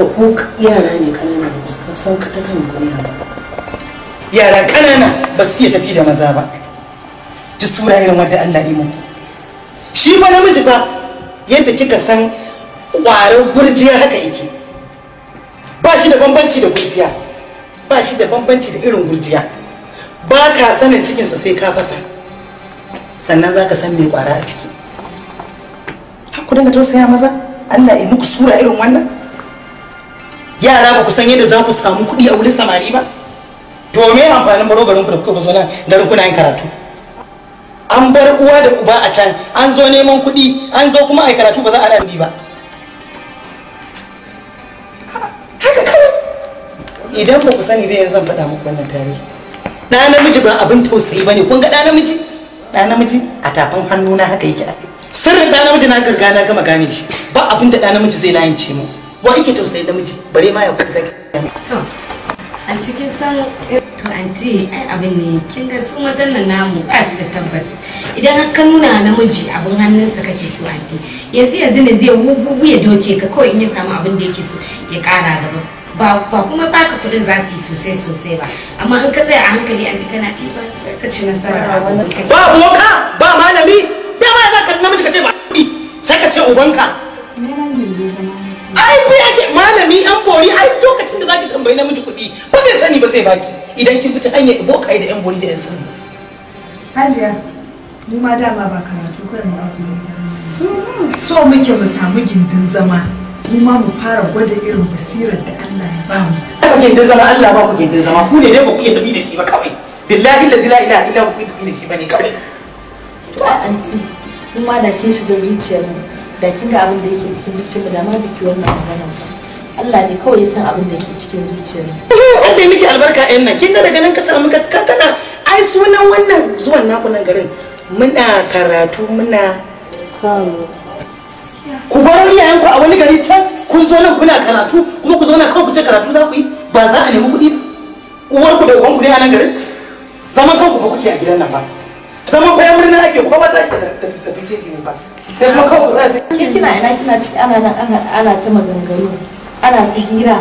da yara ne kanana ba su san ka ta kan kunya ba yara kanana ba su iya tafi da maza ba ji sura irin wanda Allah yi muku shi ba namiji ba yadda kika san ƙwarar gurjiya haka yake ba shi da bambanci da gurjiya ba shi da bambanci da irin gurjiya ba ka sanin cikinsa sai ka fasa sannan za ka san mai ƙwara a ciki ku dinga tausaya maza Allah yi muku sura irin wannan yara ba ku san yadda za ku samu kuɗi a wurin samari ba to me amfanin baro garin ku da kuka zo nan garin kuna yin karatu an bar uwa da uba a can an zo neman kuɗi an zo kuma a karatu ba za a rabi ba haka idan ba ku sani ba yanzu zan faɗa muku wannan tarihi ɗa namiji ba abin tausayi ba ne kun ga ɗa namiji ɗa namiji a tafin hannu na haka yake sirrin ɗa namiji na garga na gama gane shi ba abin da ɗa namiji zai layin ce mu wa kike tausayi da miji bare ma ya kusa ki to a cikin san eh, to anti ai abin ne kin ga su mazan nan namu ba su da tabbas idan har ka nuna namiji abin hannunsa kake so anti yanzu yanzu ne zai wubu ya doke ka kawai in ya samu abin da yake so ya kara gaba ba ba kuma ba ka kudin za su yi sosai sosai ba amma in ka tsaya a hankali anti kana ɗiba ba ka ci nasara a wannan ba boka ba malami dama za ka namiji ka ce ba sai ka ce ubanka neman gindi ai ku ake malami yan bori ai lokacin da zaki tambayi namiji kuɗi ba zai sani ba zai baki idan kin fita hanyar bokaye da yan bori da yan sani hajiya mu ma dama ba karatu kai mu azumi so muke mu samu gindin zama mu ma mu fara gwada irin basirar da Allah ya ba mu ba gindin zama Allah ba ku gindin zama ku ne dai ba ku iya tafi da shi ba kawai billahi la ilaha illa ku tafi da shi ba ne kawai to anti mu ma da kin shiga zuciyar da kin ga abin da yake cikin zuciyar da ma biki wannan magana Allah ne kawai ya san abin da yake cikin zuciyar an da miki albarka ɗin nan kin ga daga nan ka samu ka kana ai sunan wannan zuwan naku nan garin muna karatu muna ku bar iyayen ku a wani gari can kun zo nan kuna karatu kuma ku zauna kawai ku ce karatu za ku yi ba za a nemi kuɗi uwar ku da uban ku dai a nan garin zaman kanku fa kuke a gidan nan ba zaman bayan murna ake kowa ba ke da tafi ke ba sai kuma kina ina kina ciki ana nan ana ta maganganu ana ta hira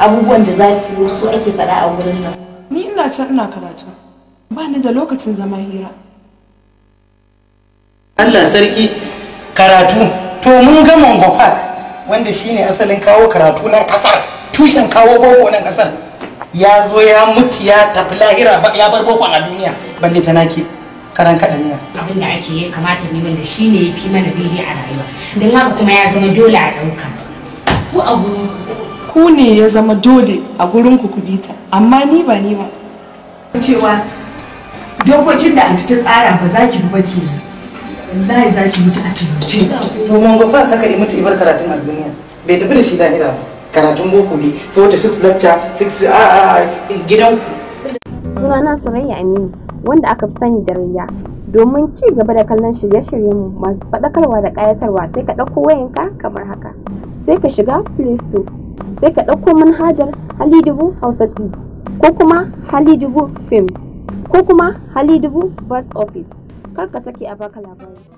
abubuwan da za su yi su ake faɗa a wurin nan ni ina can ina karatu ba ni da lokacin zama hira Allah sarki karatu to mun ga Mongo Park wanda shine asalin kawo karatu nan kasar tushen kawo boko nan kasar ya zo ya mutu ya tafi lahira ya bar boko a duniya balle ta nake karan kaɗaniya. abin da ake ya kamata ne wanda shi ne ya fi mana daidai a rayuwa don haka kuma ya zama dole a ɗauka ku a ku ne ya zama dole a gurin ku kubita amma ni ba ni ba cewa dokokin da an ta tsara ba za ki ba ke wallahi za ki mutu a talauce domin gwamnati saka yi mutu ibar karatun a duniya bai tafi da shi da ba karatun boko ne 46 lecture 6 a ah, ah, ah, gidan ku! sunana surayya aminu wanda aka fi sani da rayya. Domin ci gaba da kallon shirye-shiryenmu masu faɗakarwa da ƙayatarwa sai ka ɗauko wayanka kamar haka. Sai ka shiga Play Store, sai ka ɗauko manhajar Halidubu Hausa TV ko kuma Halidubu Films ko kuma Halidubu Bus Office. Kar ka sake a baka labari.